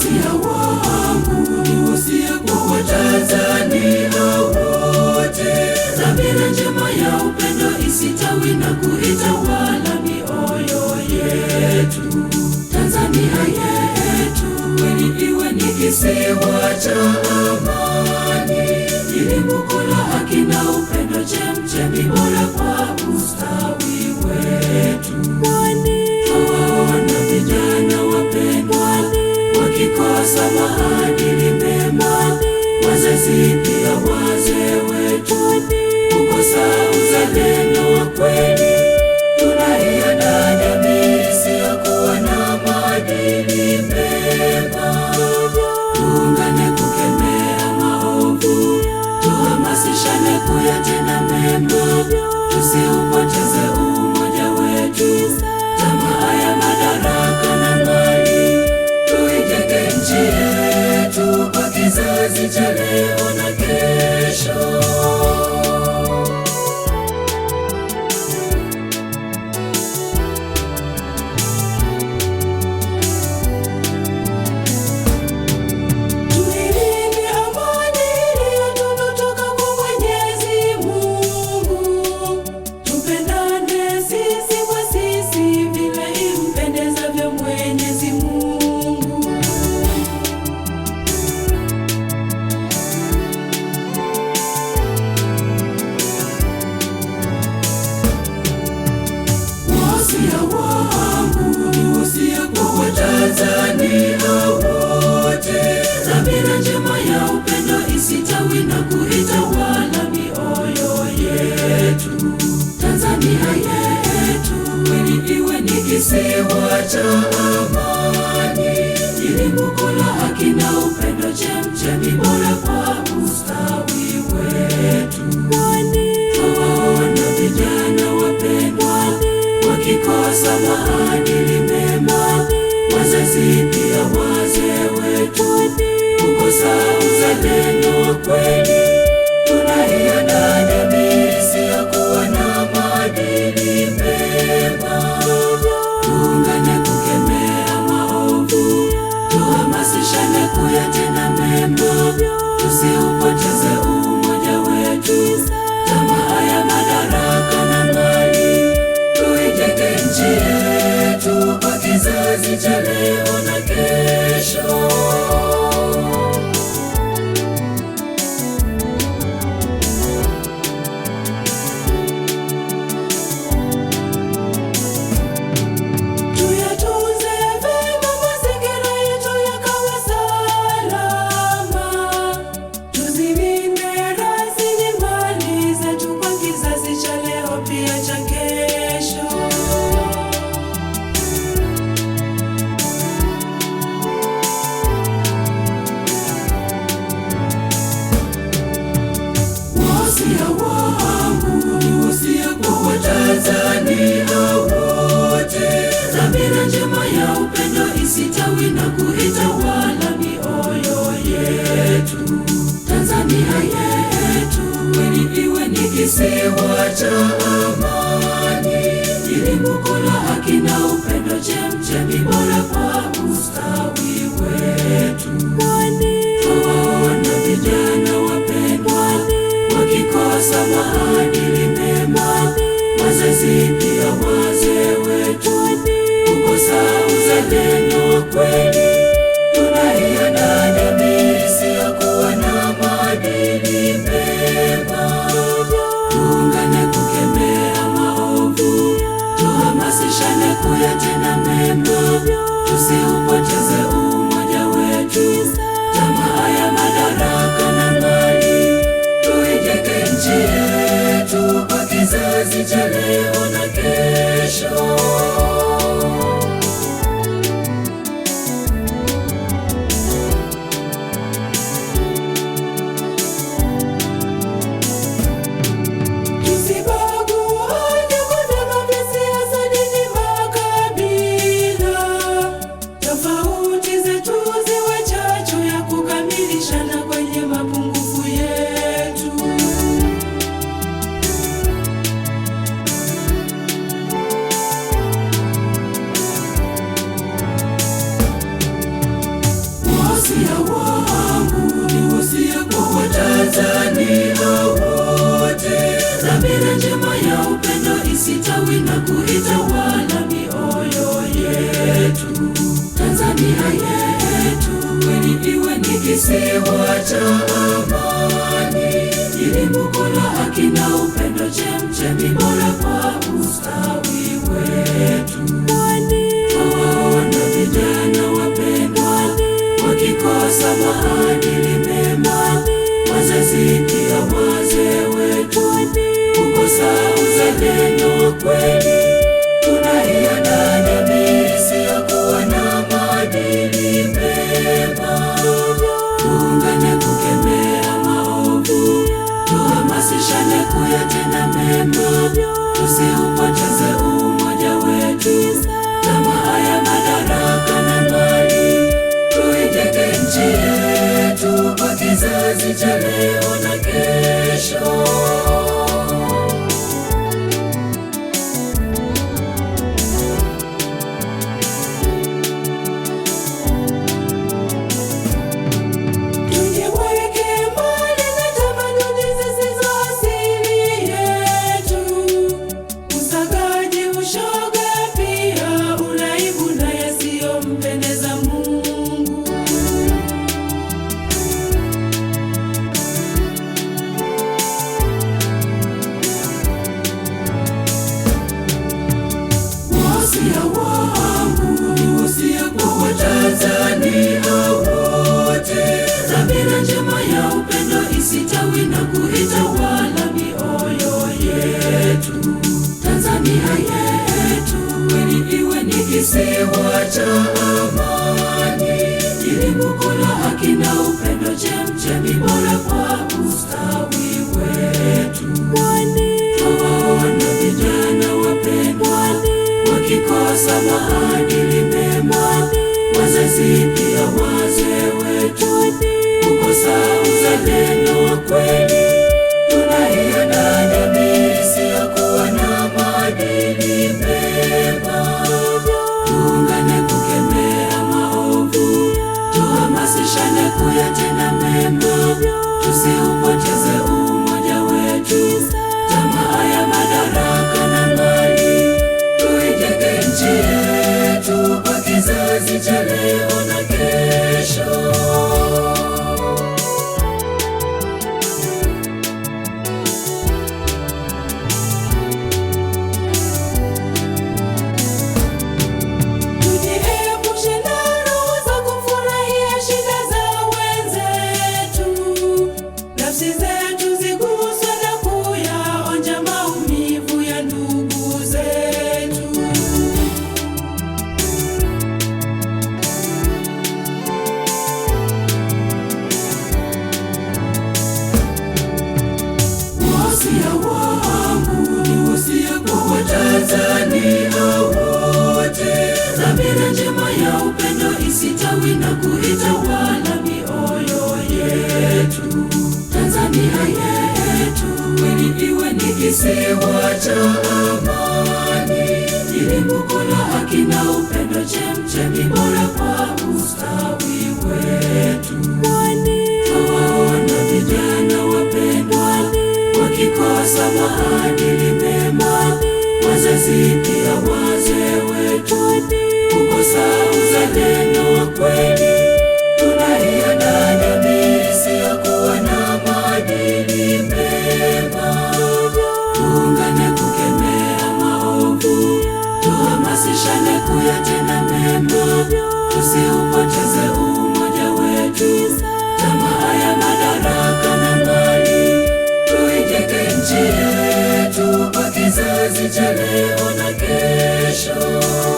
Wasia wangu kwa Watanzania wote, dhamira njema ya upendo isitawi na kuitawala mioyo yetu. Tanzania yetu iwe ni kisiwa cha amani. uzalendo wa kweli, tunaiandaa jamii isiyokuwa na maadili mema. Tuungane kukemea maovu, tuhamasishane kuyatenda mema, tusiupoteze umoja wetu. Tamaa ya madaraka na mali, tuijenge nchi yetu kwa kizazi cha leo. cha amani, chimbuko la haki na upendo, chemchemi bora kwa ustawi wetu. Hawaona vijana wapendwa, wakikosa maadili mema, wazazi pia wazee wetu kukosa uzalendo kweli kizazi cha leo na kesho. Usitawi na kuitawala mioyo yetu, Tanzania yetu iwe ni kisiwa cha amani, ili muko haki na upendo, chemchemi bora kwa yatenda mema, tusiupoteze umoja wetu, tamaa ya madaraka na mali, tuijenge nchi yetu kwa kizazi cha leo na kesho. na kuitawala mioyo yetu. Tanzania yetu iwe ni kisiwa cha amani, ilimuko na haki na upendo, chemchemi bora kwa ustawi wetu. Hawaona vijana wapendwa wakikosa maadili mema, wazazi pia neno kweli, tunaiandaa jamii isiyokuwa na maadili mema. Tuungane kukemea maovu, tuhamasishane kuyatenda mema, tusiupoteze umoja wetu. Tamaa ya madaraka na mali, tuijenge nchi yetu kwa kizazi cha leo na kesho. amani na upendo, chemchemi bora kwa ustawi wetu. Hawa wana vijana wapendwa, wakikosa maadili mema, wazazi pia wazee wetu kukosa uzalendo wa kweli, tunahiana jamii isiyokuwa na maadili mema. kuyatenda mema, tusiupoteze umoja wetu. Tamaa ya madaraka na mali, tuijenge nchi yetu kwa kizazi cha leo na kesho. kisewa cha amani, ilibuko la haki na upendo, chemchemi bora kwa ustawi wetu. Hawaona vijana wapendwa, wakikosa maadili mema, wazazi pia wazee wetu kukosa uzalendo wa kweli navyo, tusiupoteze umoja wetu. Tamaa ya madaraka na mali, tuijenge nchi yetu kwa kizazi cha leo na kesho.